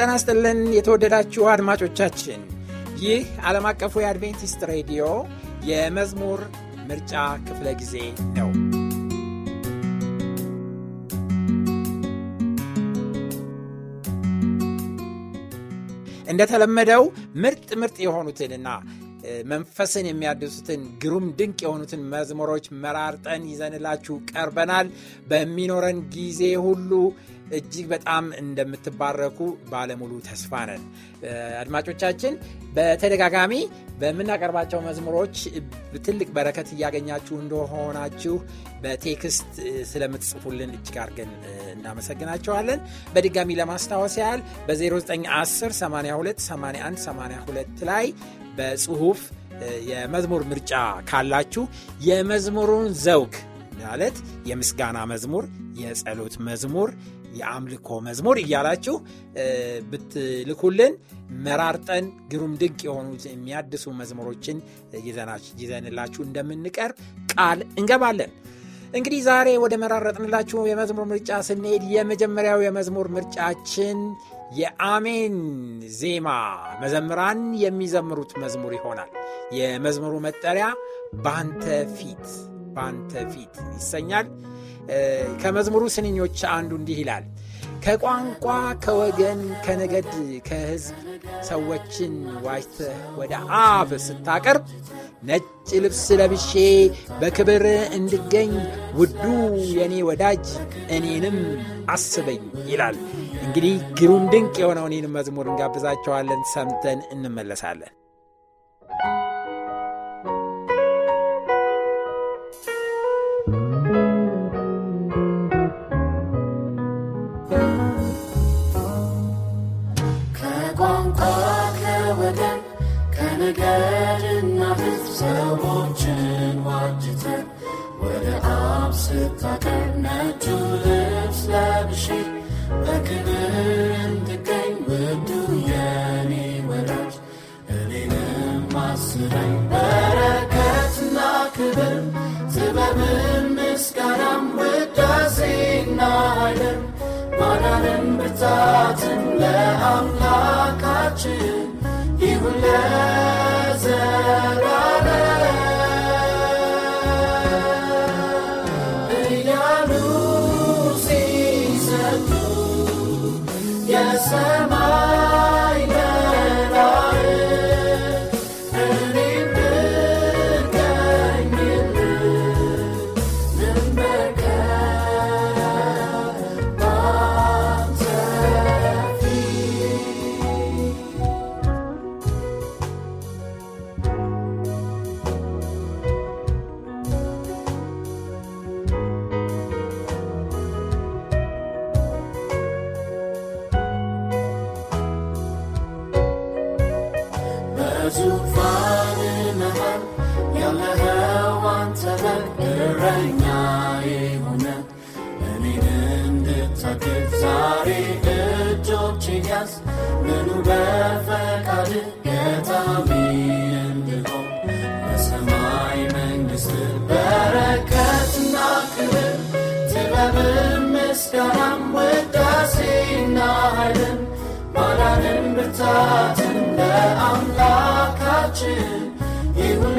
ጤና ይስጥልን የተወደዳችሁ አድማጮቻችን፣ ይህ ዓለም አቀፉ የአድቬንቲስት ሬዲዮ የመዝሙር ምርጫ ክፍለ ጊዜ ነው። እንደተለመደው ምርጥ ምርጥ የሆኑትንና መንፈስን የሚያድሱትን ግሩም ድንቅ የሆኑትን መዝሙሮች መራርጠን ይዘንላችሁ ቀርበናል። በሚኖረን ጊዜ ሁሉ እጅግ በጣም እንደምትባረኩ ባለሙሉ ተስፋ ነን። አድማጮቻችን በተደጋጋሚ በምናቀርባቸው መዝሙሮች ትልቅ በረከት እያገኛችሁ እንደሆናችሁ በቴክስት ስለምትጽፉልን እጅግ አርገን እናመሰግናቸዋለን። በድጋሚ ለማስታወስ ያህል በ0910 82 81 82 ላይ በጽሁፍ የመዝሙር ምርጫ ካላችሁ የመዝሙሩን ዘውግ ማለት የምስጋና መዝሙር፣ የጸሎት መዝሙር የአምልኮ መዝሙር እያላችሁ ብትልኩልን መራርጠን ግሩም ድንቅ የሆኑ የሚያድሱ መዝሙሮችን ይዘንላችሁ እንደምንቀርብ ቃል እንገባለን። እንግዲህ ዛሬ ወደ መራረጥንላችሁ የመዝሙር ምርጫ ስንሄድ የመጀመሪያው የመዝሙር ምርጫችን የአሜን ዜማ መዘምራን የሚዘምሩት መዝሙር ይሆናል። የመዝሙሩ መጠሪያ ባንተ ፊት ባንተ ፊት ይሰኛል። ከመዝሙሩ ስንኞች አንዱ እንዲህ ይላል ከቋንቋ ከወገን ከነገድ ከህዝብ ሰዎችን ዋጅተህ ወደ አፍ ስታቀርብ ነጭ ልብስ ለብሼ በክብር እንድገኝ ውዱ የእኔ ወዳጅ እኔንም አስበኝ ይላል። እንግዲህ ግሩም ድንቅ የሆነውን ይህን መዝሙር እንጋብዛቸዋለን። ሰምተን እንመለሳለን። ሰዎችን ዋጅተን ወደ አብ ስታቀር ነጩ ልብስ ለብሼ በክብር እንድገኝ ውዱ የኔ ወዳጅ እኔንም አስረኝ በረከትና ክብር ጥበብም ምስጋናም ውዳሴና ኃይልም ማዳንም ብርታትም ለአምላካችን ይሁን ለዘ አጋጣሚ እንድሆን በሰማይ መንግሥት በረከትና ክብር ጥበብም ምስጋናም ውዳሴና ኃይልን ማዳንን ብርታትን ለአምላካችን ይሁን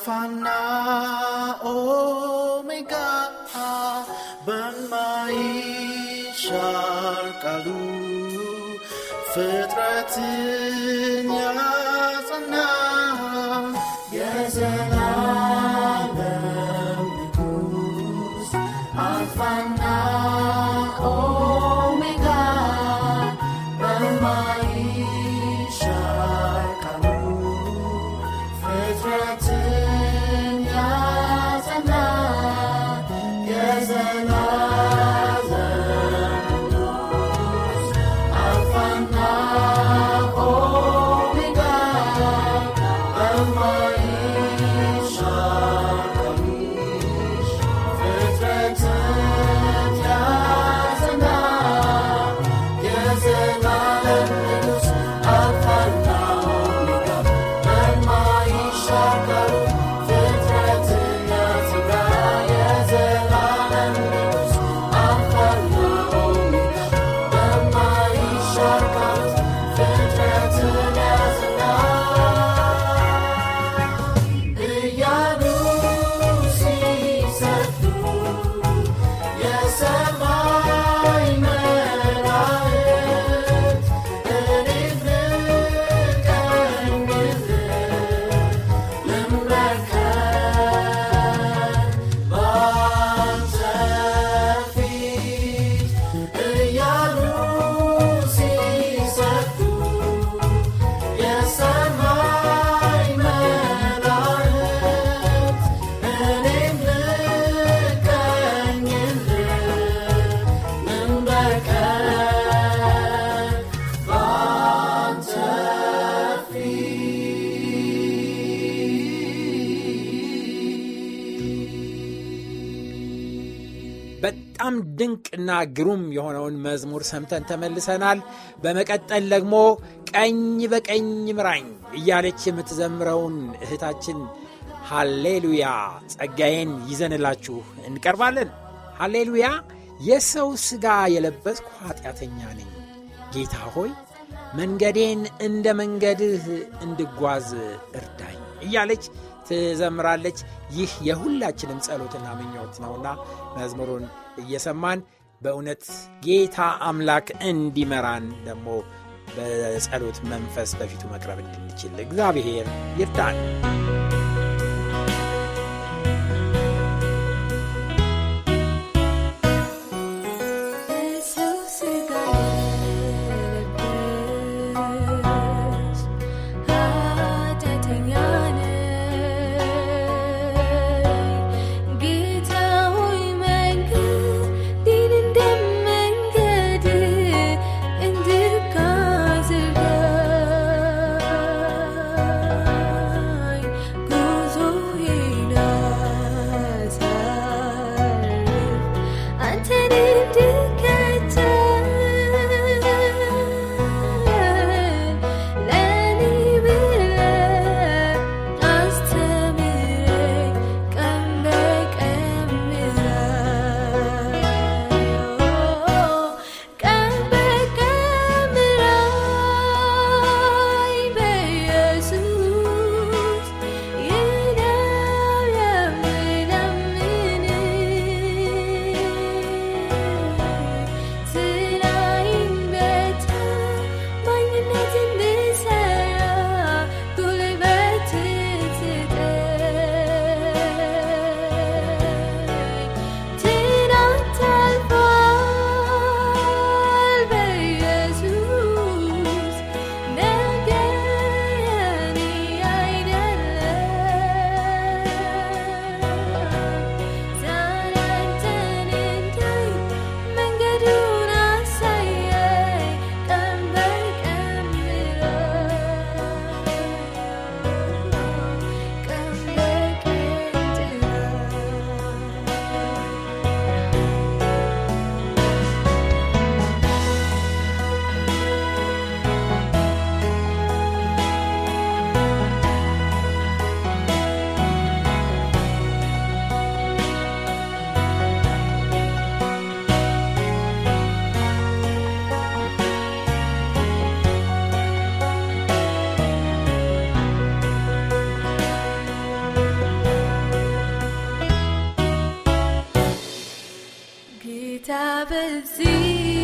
Alpha na Omega በማይሻር Kalu ፍጥረት ድንቅና ግሩም የሆነውን መዝሙር ሰምተን ተመልሰናል። በመቀጠል ደግሞ ቀኝ በቀኝ ምራኝ እያለች የምትዘምረውን እህታችን ሃሌሉያ ጸጋዬን ይዘንላችሁ እንቀርባለን። ሃሌሉያ የሰው ሥጋ የለበስኩ ኃጢአተኛ ነኝ፣ ጌታ ሆይ መንገዴን እንደ መንገድህ እንድጓዝ እርዳኝ እያለች ትዘምራለች። ይህ የሁላችንም ጸሎትና ምኞት ነውና መዝሙሩን እየሰማን በእውነት ጌታ አምላክ እንዲመራን ደግሞ በጸሎት መንፈስ በፊቱ መቅረብ እንድንችል እግዚአብሔር ይርዳን። تعب الزين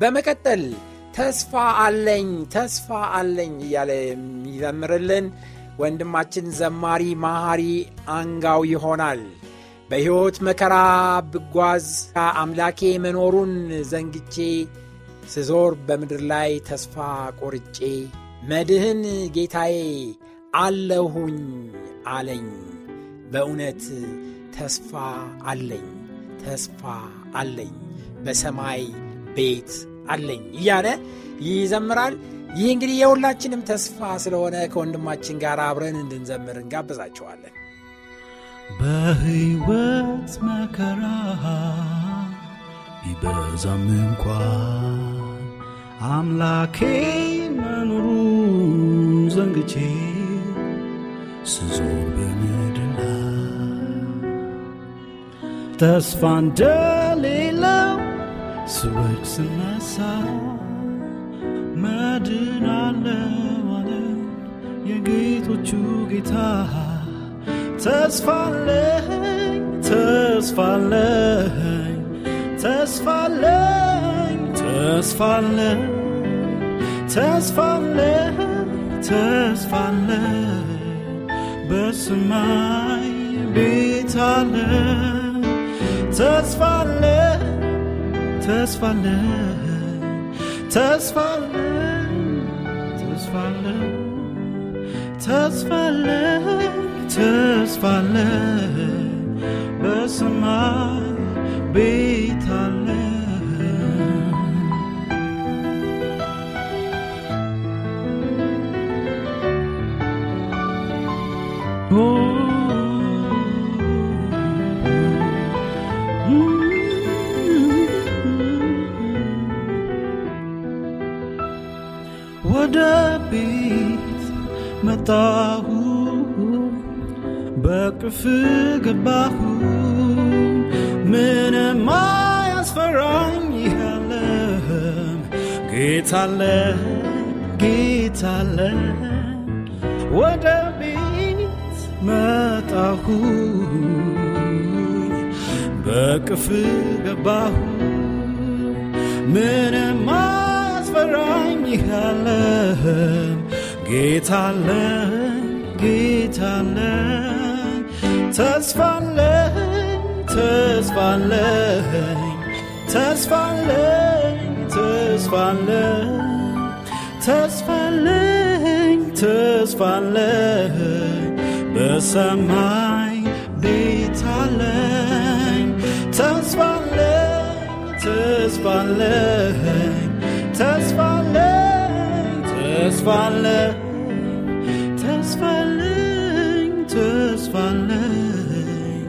በመቀጠል ተስፋ አለኝ ተስፋ አለኝ እያለ የሚዘምርልን ወንድማችን ዘማሪ ማሃሪ አንጋው ይሆናል። በሕይወት መከራ ብጓዝ አምላኬ መኖሩን ዘንግቼ ስዞር በምድር ላይ ተስፋ ቆርጬ መድህን ጌታዬ አለሁኝ አለኝ። በእውነት ተስፋ አለኝ ተስፋ አለኝ በሰማይ ቤት አለኝ እያለ ይዘምራል። ይህ እንግዲህ የሁላችንም ተስፋ ስለሆነ ከወንድማችን ጋር አብረን እንድንዘምር እንጋብዛቸዋለን። በሕይወት መከራ ቢበዛም እንኳ አምላኬ መኖሩ ዘንግቼ ስዞር በምድር ተስፋ እንደሌ ስወድቅ ስነሳ መድናለው አለ የጌቶቹ ጌታ ተስፋለኝ ተስፋለኝ ተስፋለኝ ተስፋለኝ ተስፋለኝ ተስፋለኝ በሰማይ ቤት ተስፋለኝ tidsfaldet, tidsfaldet, tidsfaldet, tidsfaldet, tidsfaldet, løs mig, bid. መጣሁ በቅፍ ገባሁ ምንም አያስፈራኝ ያለም ጌታለ ጌታለ ወደ ቤት መጣሁ በቅፍ ገባሁ ምንም አያስፈራኝ ያለም ጌታለን ጌታለን ተስፋለን ተስፋለን ተስፋለን ተስፋለን ተስፋለኝ ተስፋለኝ በሰማይ ቤታለኝ ተስፋለኝ ተስፋለኝ ተስፋ ተስፋለኝ ተስፋለኝ ተስፋለኝ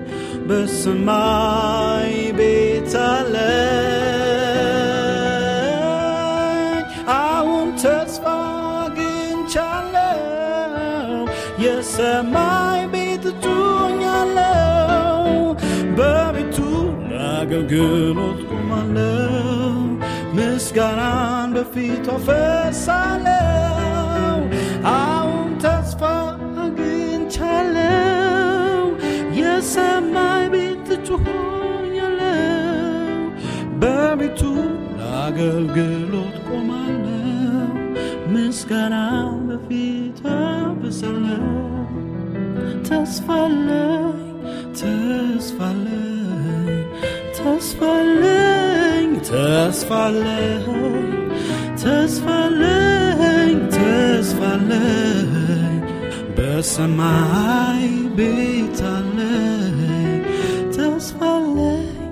በሰማይ ቤት አለኝ አሁን ተስፋ አግኝቻለሁ የሰማይ ቤት እጮኛለሁ በቤቱ ለአገልግሎት ቆማለሁ ምስጋናን በፊቷ ፈሳለው አሁን ተስፋ አግኝቻለው የሰማይ ቤት ጩሆኛለው በቤቱ ለአገልግሎት ቆማለው ምስጋናን በፊቷ ፈሳለው ተስፋለኝ ተስፋለኝ ተስፋለኝ Tas for længe, tas for længe, tas for længe. Bøsse mig, bitter længe. Tas for længe,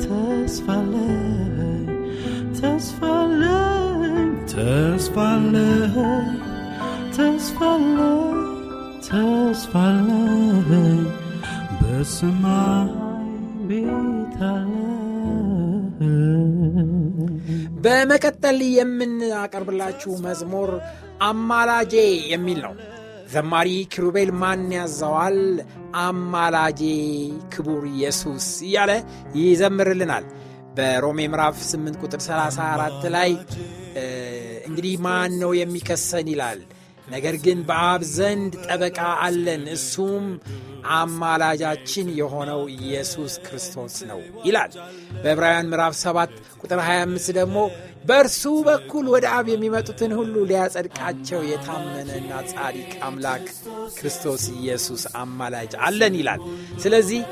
tas for længe, tas for længe, tas for længe, tas for tas for længe. mig. በመቀጠል የምናቀርብላችሁ መዝሙር አማላጄ የሚል ነው። ዘማሪ ኪሩቤል ማን ያዘዋል፣ አማላጄ ክቡር ኢየሱስ እያለ ይዘምርልናል። በሮሜ ምዕራፍ 8 ቁጥር 34 ላይ እንግዲህ ማን ነው የሚከሰን ይላል ነገር ግን በአብ ዘንድ ጠበቃ አለን እሱም አማላጃችን የሆነው ኢየሱስ ክርስቶስ ነው ይላል። በዕብራውያን ምዕራፍ 7 ቁጥር 25 ደግሞ በእርሱ በኩል ወደ አብ የሚመጡትን ሁሉ ሊያጸድቃቸው የታመነና ጻድቅ አምላክ ክርስቶስ ኢየሱስ አማላጅ አለን ይላል። ስለዚህ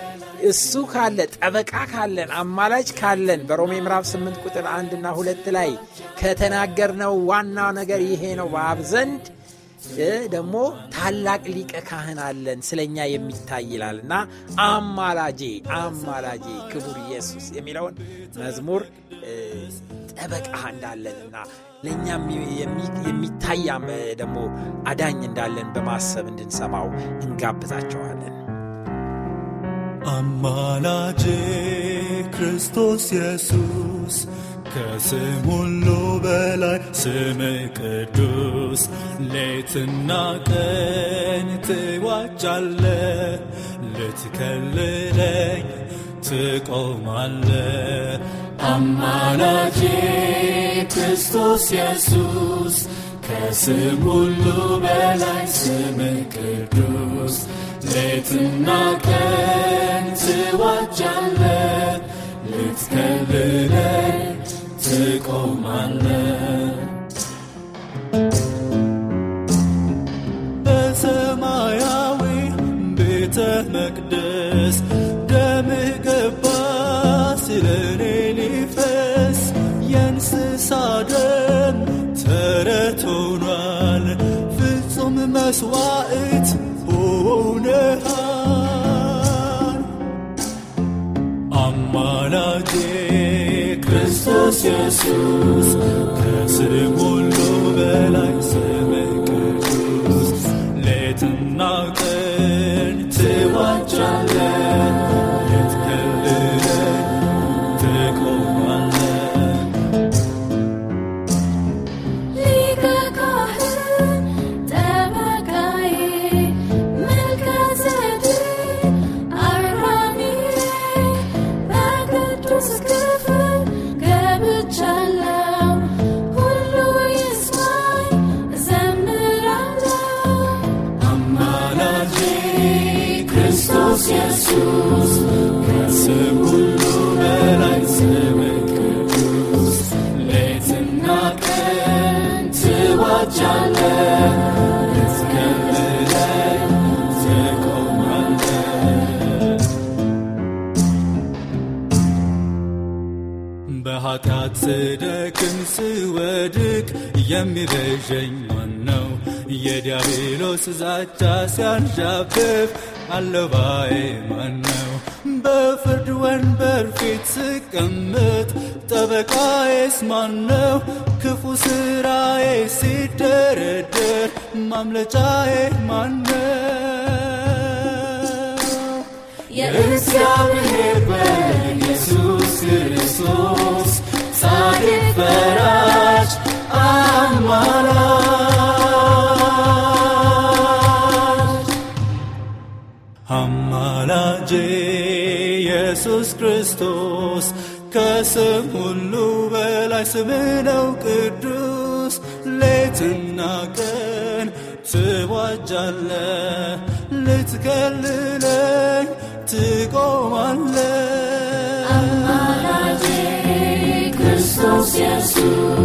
እሱ ካለ ጠበቃ ካለን አማላጅ ካለን በሮሜ ምዕራፍ 8 ቁጥር 1 እና 2 ላይ ከተናገርነው ዋና ነገር ይሄ ነው በአብ ዘንድ ደግሞ ታላቅ ሊቀ ካህን አለን ስለኛ የሚታይ ይላል እና አማላጄ አማላጄ ክቡር ኢየሱስ የሚለውን መዝሙር ጠበቃ ና ለእኛም የሚታያ ደግሞ አዳኝ እንዳለን በማሰብ እንድንሰማው እንጋብዛቸዋለን። አማላጄ ክርስቶስ ኢየሱስ ከስም ሁሉ በላይ ስም ቅዱስ ሌትና ቀን ትዋጫለ ልትከልለኝ ትቆማለ አማላጄ ክርስቶስ የሱስ ከስም ሁሉ በላይ ስም ቅዱስ ሌትና ቀን ትዋጃለ ልትከልለኝ የሚያስቀው ማነ በሰማያዊ ቤተ መቅደስ ደምህ ገባ ስለኔ ሊፈስ የእንስሳ ደም ተረት ሆኗል ፍጹም መስዋዕት ሆነሃል አማላጄ Chrystus Jesús mundo de la ሲያንዣብብ አለባዬ ነው! በፍርድ ወንበር ፊት ስቀምጥ ጠበቃዬስ ነው! ክፉ ስራዬ ሲደረደር ማምለጫዬ ነው? የእግዚአብሔር ኢየሱስ ክርስቶስ ጻድቅ ፈራጅ አማላ አማላጄ ኢየሱስ ክርስቶስ ከስም ሁሉ በላይ ስምህ ነው ቅዱስ ሌትና ቀን ትዋጃለ ልትከልለኝ ትቆማለ አማላጄ ክርስቶስ ኢየሱስ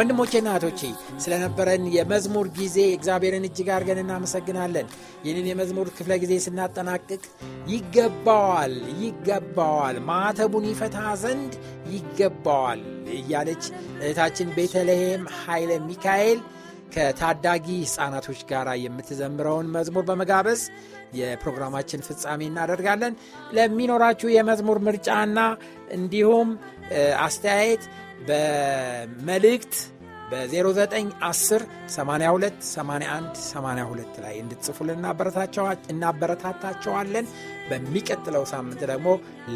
ወንድሞቼና እህቶቼ ስለነበረን የመዝሙር ጊዜ እግዚአብሔርን እጅግ አድርገን እናመሰግናለን። ይህንን የመዝሙር ክፍለ ጊዜ ስናጠናቅቅ ይገባዋል ይገባዋል ማዕተቡን ይፈታ ዘንድ ይገባዋል እያለች እህታችን ቤተልሔም ኃይለ ሚካኤል ከታዳጊ ሕፃናቶች ጋር የምትዘምረውን መዝሙር በመጋበዝ የፕሮግራማችን ፍጻሜ እናደርጋለን። ለሚኖራችሁ የመዝሙር ምርጫና እንዲሁም አስተያየት በመልእክት በ0910 ላይ እንድትጽፉልን እናበረታታቸዋለን። በሚቀጥለው ሳምንት ደግሞ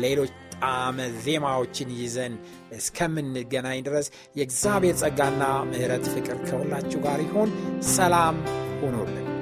ሌሎች ጣመ ዜማዎችን ይዘን እስከምንገናኝ ድረስ የእግዚአብሔር ጸጋና ምሕረት ፍቅር ከሁላችሁ ጋር ይሆን። ሰላም ሁኑልን።